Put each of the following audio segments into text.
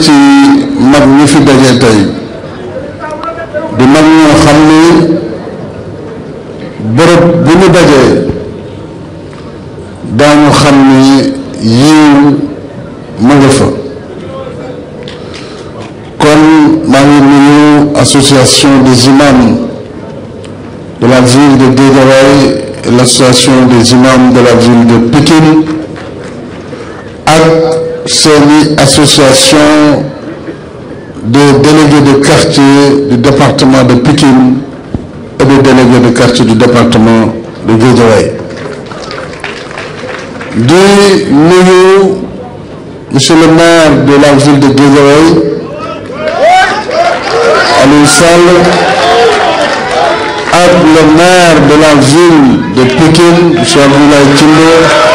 qui mag ñi fi daje tey di mag ñoo xam ni bërëb bu ñu dajee daañu xam ni yiw ma nga fa kon association des imams de la ville de et l'association des imams de la ville de Pétine c'est association de délégués de quartier du département de Pékin et de délégués de quartier du département de Guézoué. Deux nouveau, monsieur le maire de la ville de Guédiawaye Aliou Sall le maire de la ville de Pékin, M. Abdoulaye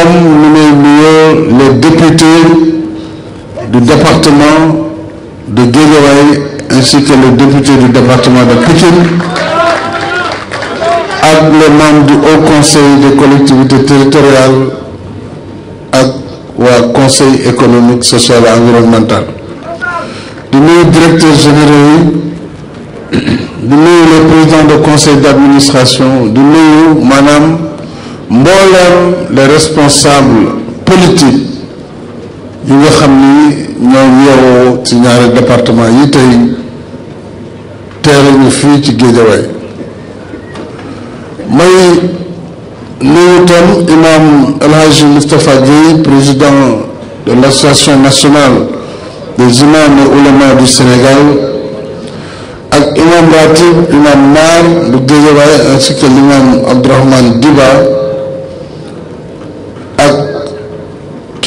comme nous, les députés du département de Guédiawaye ainsi que les députés du département de Pékin, avec les membres du Haut Conseil des collectivités territoriales ou Conseil économique social et environnemental Nous, le directeur général, le président président conseil d'administration de madame madame mbolam les responsables politiques yi nga xam ni ñoo yeewoo ci ñaari département yi tey teere ñu fii ci Géejawaay may nuyu tam imam El Hadji Moustapha président de l'association nationale des imams et oulémas du Sénégal ak imam ratib imam Mar bu ainsi que l'imam Abdourahmane Diba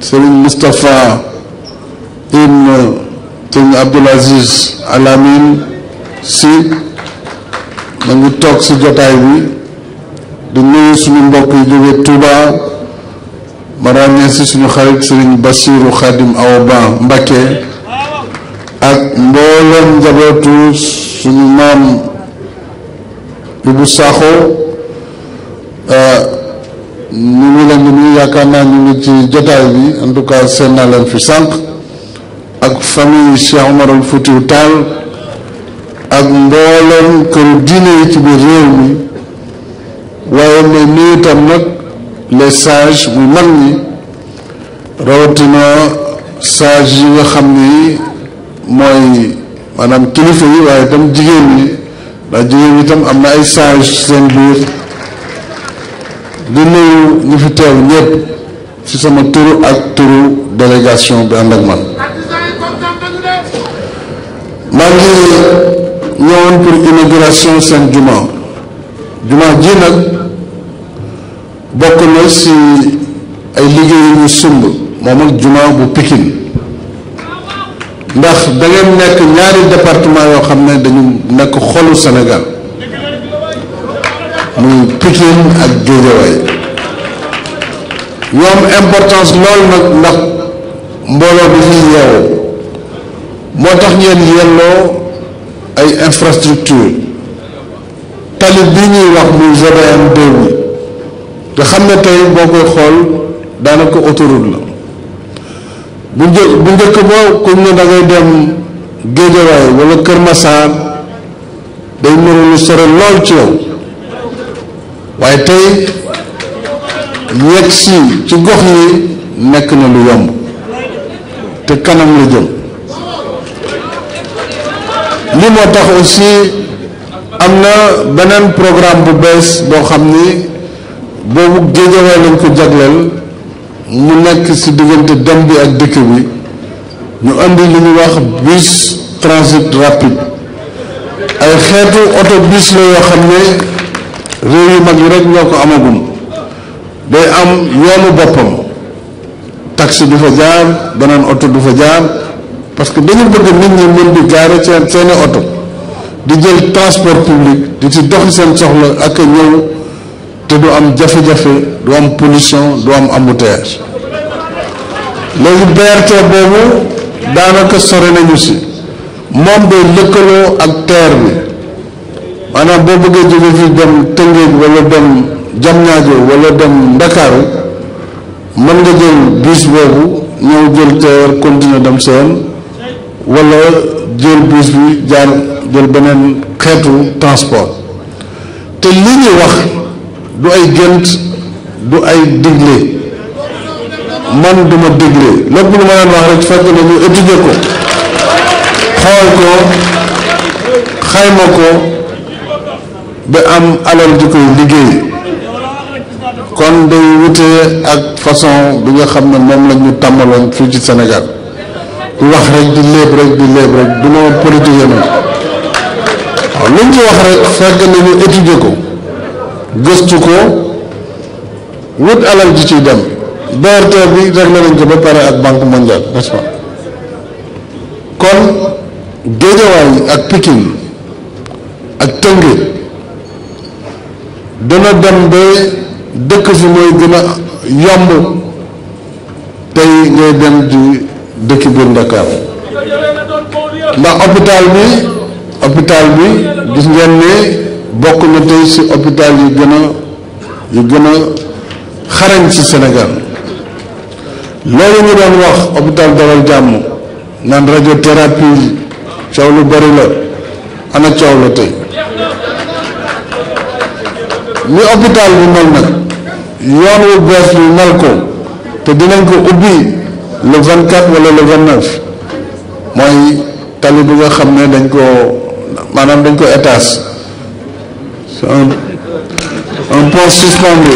sëriñ Moustapha ibn sëriñ Abdoul Aziz Alamin si ma ngi toog si jotaay bi di nuyu suñu mbokk yi jóge Touba ma ràññee si suñu xarit sëriñ Bassirou Khadim Awa Ba Mbacké ak mboolem njabootu suñu maam Ibou Sakho euh, ñu ngi leen di nuyu yaakaar naa ñu ngi ci jotaay bi en tout cas seen naa leen fi sànq ak famille Cheikh Omar al Foutiou ak mbooleem këru diine yi ci biir réew mi waaye mais nuyu itam nag les sages muy mag ñi rawatina sages yi nga xam ni mooy maanaam kilifa yi waaye tam jigéen ñi ndax jigéen ñi itam am na ay sages seen biir. di nuyu ñu fi teew ñëpp ci sama turu ak turu délégation bi ànd ak man maa ngi ñëwoon pour inauguration seen juma juma ji nag bokk na ci ay liggéey ñu sumb moom ak juma bu Pikine ndax da nekk ñaari département yoo xam ne dañu nekk xolu senegal muy Pikine ak Géejawaay ñoom importance lool nag ndax mbooloo bi fi yeewu moo tax ngeen yelloo ay infrastructure tali bi ñuy wax muy GDM 2 bi te xam ne tey boo koy xool daanaka autoroute la bu një bu njëkk ba ku ne da dem Géejawaay wala Kër Massar day mën lu sore lool ci yow waaye tey yegg si ci gox yi nekk na lu yomb te kanam la jëm li moo tax aussi am na beneen programme bu bees boo xam ni boobu géejawaay lañ ko jagleel mu nekk ci diggante dem bi ak dëkk bi ñu indi li ñu wax bus transit rapide ay xeetu autobus la yoo xam ne réew yu mag yi rek ñoo ko amagum day am yoonu boppam taxi du fa jaar beneen oto du fa jaar parce que dañu bëgg nit ñi mën di gaare seen seeni oto di jël transport public di ci doxi seen soxla ak ñëw te du am jafe-jafe du am pollution du am embouteillage léegi BRT boobu daanaka sore nañu si moom day lëkkaloo ak terre bi maanaam boo bëggee jóge fii dem Tëngéej wala dem Jamñaajo wala dem Ndakaaru mën nga jël bus boobu ñëw jël teer continuer dem seen wala jël bus bi jaar jël beneen xeetu transport te li ñuy wax du ay gént du ay digle man duma digle lépp lu ma wax rek fekk na ñu ko xool ko xayma ko ba am alal di koy liggéey kon day wute ak façon bi nga xam ne moom la ñu tàmmaloon fii ci Sénégal di wax rek di léeb rek di léeb rek du ma nag waaw luñ ci wax rek fekk na ñu étudier ko gëstu ko wut alal ji ciy dem BRT bi réglé nañ ko ba pare ak banque mondiale n'est-ce kon Géejawaay ak Pikine ak Tëngéej dana dem ba dëkk fi mooy gën a yomb tey ngay dem di dëkk biir Ndakaar ndax hôpital bi hôpital bi gis ngeen ne bokk na tey ci hôpital yu gën a yu gën a xarañ ci senegal loolu ñu doon wax hôpital Dalal Jàmm naan radiothérapie coow lu bari la ana coow la tey ni hôpital bi mel na yoon wu bees bi mel ko te dinañ ko ubbi le 24 wala le 29 mooy tali bu nga xam ne dañ ko maanaam dañ ko étage c'est un un pont suspendu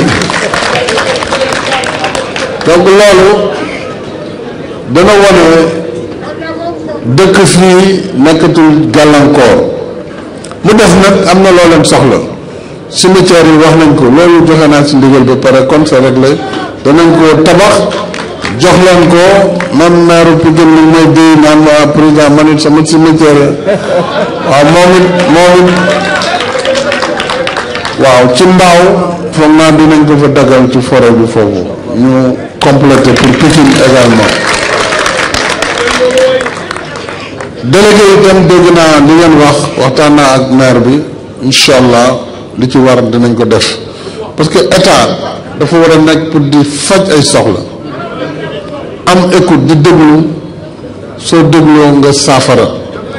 donc loolu dana wone dëkk fii nekkatul gàllankoor mu def nag am na looleen soxla cimetière yi wax nañ ko loolu joxe naa si ndigal ba pare kon ça rek la danañ ko tabax jox leen ko man meeru Pikine mi may déy naan ma ah, président man it sama cimetière waaw moom it moom it waaw ci mbaaw foog naa dinañ ko fa dagal ci forêt bi foofu ñu complété pour Pikine également délégué itam dégg naa li ngeen wax waxtaan naa ak maire bi incha allah li ci war dinañ ko def parce que état dafa wara nek pour di faj ay soxla am écoute di deglu so deglu nga safara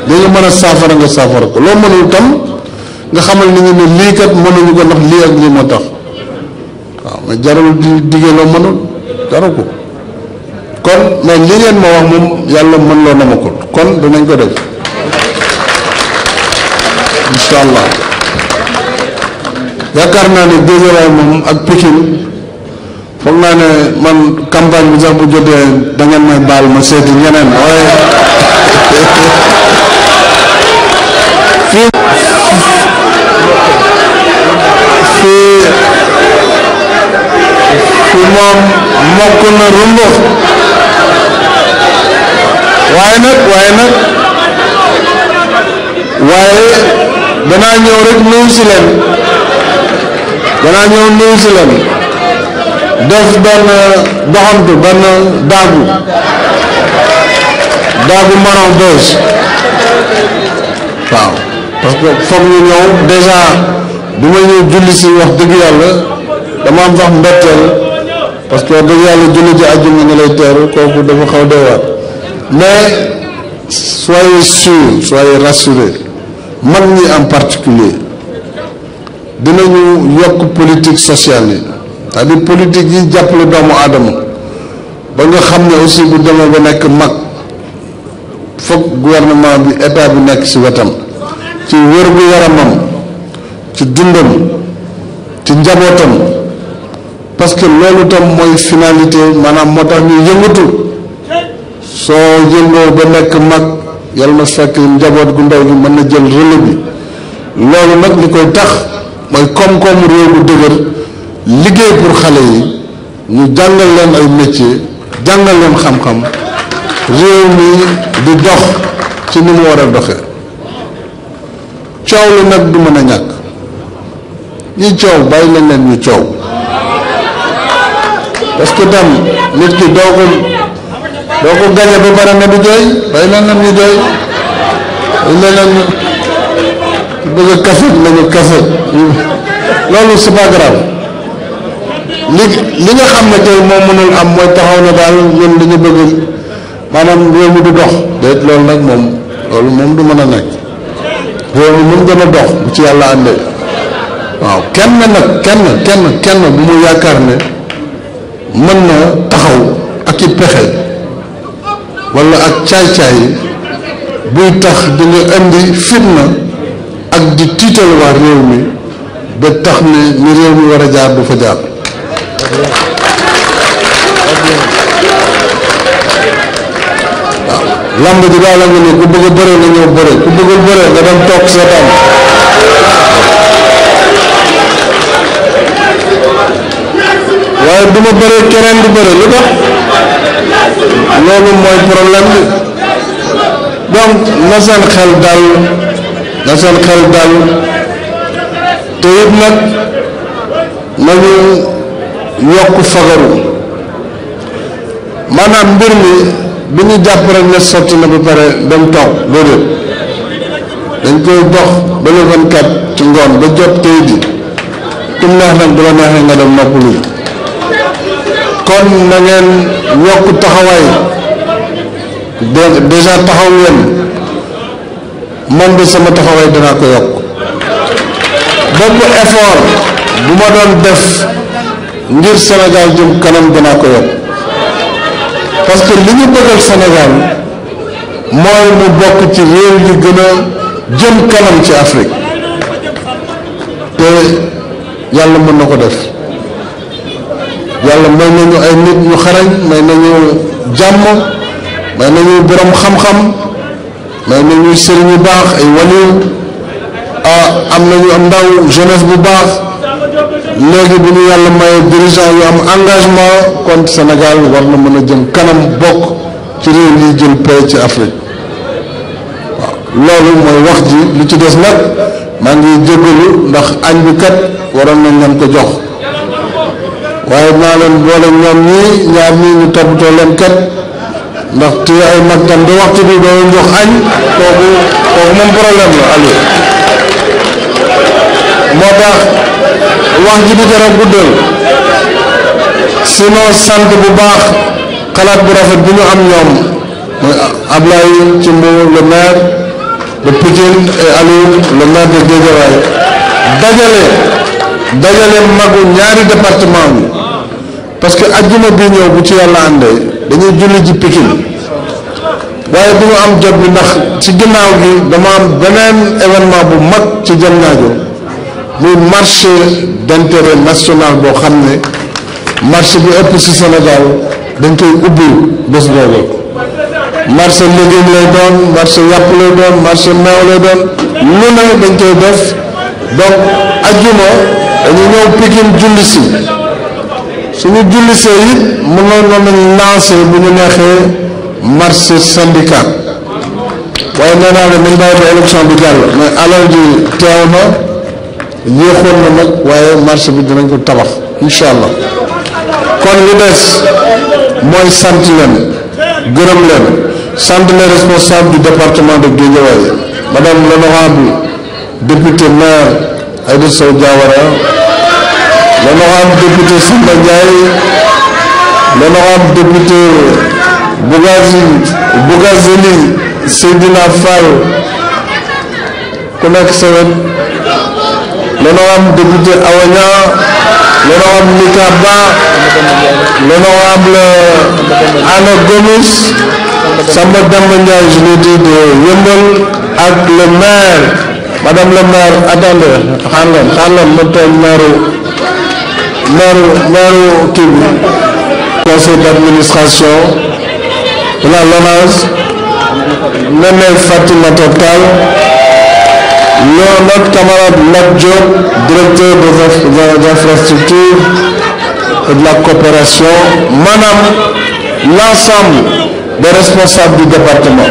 dañu mën mëna safara nga safara ko lo mënul tam nga xamal ni ñu li kat kat ñu ko nak li ak li moo tax waaw jaral di digé lo mënul dara ko kon mais li ñeen ma wax mom yalla mën lo na ko kon dinañ ko def incha yaakaar naa ne Guédiawaye moom ak Pikine foog naa ne man campagne bi sax bu baal ma seeti ñeneen waaye fii waaye nag waaye nag waaye danaa ñëw rek nuyu si leen danaa ñëw nuyu si leen def benn doxantu benn daagu daagu maron beuse waaw parce que foog ñu ñëw déjà bi ma ñëw julli si wax dëgg yàlla dama am sax mbetteel parce que wax dëgg yàlla junni ji àjjuma ñu lay teeru kooku dafa xaw doy waar mais soyez sûr soyez rassuré mag ñi en particulier dina dinañu yokk politik sociale yi c'est-à-dire politique yi jàppale doomu aadama ba nga xam ne aussi bu demee ba nekk mag foog gouvernement bi état bi nekk ci wetam ci wér-gu-yaramam ci dundam ci njabootam parce que loolu tam mooy finalité maanaam moo tax ñu yëngatu soo yëngoo ba nekk mag yal na fekk njaboot gu ndaw gi mën na jël relais bi loolu nag li koy tax mooy koom-koomu réew bu dëgër liggéey pour xale yi ñu jàngal leen ay métier jàngal leen xam-xam réew mi di dox ci ni mu war a doxe coow lu nag du mën a ñàkk ñi coow bàyyi leen leen ñu coow parce que tam nit ki doo ko doo ko gañe ba pare ne jooy bàyyi leen ñu jooy bëgg a kasit nañu kasit loolu c'est pas grave li li nga xam ne mo mënul am moy taxaw na dal ñun dañu bëgg manam réew mi du dox déet loolu nak mom loolu mom du mëna a nekk réew mi mun gën dox bu ci yalla andé waaw kenn nak kenn kenn kenn bu mu yaakar ne mën na taxaw ak ci pexé wala ak chay chay buy tax di nga indi fitna ak di tiital waa réew mi ba tax ne ni réew mi war a jaar du fa jaar waaw lamb ji daal la nga ne ku bëgg a bëre nga ñëw bëre ku seetaan waaye du bëree keneen du bëre lu tax loolu mooy problème bi donc seen xel dal na seen xel dal te nag nañu yokk fagaru maanaam mbir mi bi ñu jàpp rek ne sotti na ba pare dem toog déedéet dañ koy dox ba le vingt-quatre ci ngoon ba jot tey ji tum neex nag nga dem noppalu kon na ngeen yokk taxawaay déjà taxaw ngeen man de sama taxawaay danaa ko yokk bépp effort bu ma doon def ngir Sénégal jëm kanam danaa ko yokk parce que li ñu bëggal Sénégal mooy mu bokk ci réew yi gën a jëm kanam ci Afrique te yàlla mën na ko def yàlla may nañu ay nit ñu xarañ may nañu jàmm may nañu borom xam-xam. may nañu sëriñ bu baax ay waliw ah am nañu am ndaw jeunesse bu baax léegi bu ñu yàlla maye dirigeant yu am engagement kon Sénégal war na mën a jëm kanam bokk ci réew yi jël paix ci Afrique loolu mooy wax ji lu ci des nag maa ngi jégalu ndax añ bi kat waroon nañ leen ko jox waaye naa leen boole ñoom ñii ñaar ñii ñu toppatoo leen kat. ndax te ay mag tam waxtu bi doo leen jox añ moom problème la moo tax wax ji du jar a guddal sinon sant bu baax xalaat bu rafet bu ñu am ñoom mooy Ablaye Thimbo le maire de Pikine et Aliou le maire de Guédiawaye dajale dajale magu ñaari département bi parce que ajjuma bi ñëw bu ci yàlla àndee dañuy julli ji pikin waaye du ñu am jot bi ndax ci ginnaaw gi dama am beneen événement bu mag ci jëm naajo muy marché d'intérêt national boo xam ne marché bi ëpp ci Sénégal dañ koy ubbi bés boobu marché légume lay doon marché yàpp lay doon marché meew lay doon lu ne dañ koy def donc ajjuma dañu ñëw pikin julli si suñu jullisee it mënoon nañu lancé bu ñu neexee marché syndicat waaye nee naa ne nañ bàyyi ba élection bi jàll mais alal teew na yéexoon na nag waaye marché bi dinañ ko tabax incha allah kon li des mooy sant leen gërëm leen sant les responsables du département de Guédiawaye madame l'honorable député maire Aïda Sow Diawara l'honorable député Samba Ndiaye l'honorable député Bougazi Bougazeli Seydina Fall ku nekk sa wet l'honorable député Awanya l'honorable Mika Ba l'honorable Anna Gomis Samba Damba Ndiaye je de Yeumbeul ak le maire madame le maire attendez xaar leen ma toog maire maire maire conseil d'administration, la Fatima Mme Fatima Tall notre camarade Lat directeur des et de la coopération madame l'ensemble des responsables du département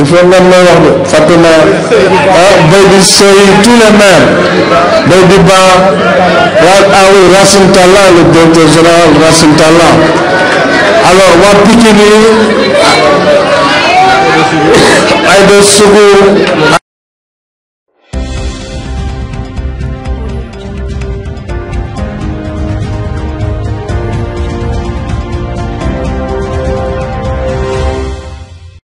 il faut ngeen may wax de fàtte naa ah tous les maires Baby bi ba waaw ah oui Racine Talla le directeur général Racine Talla alors waa Pikine ay ah, de Sougou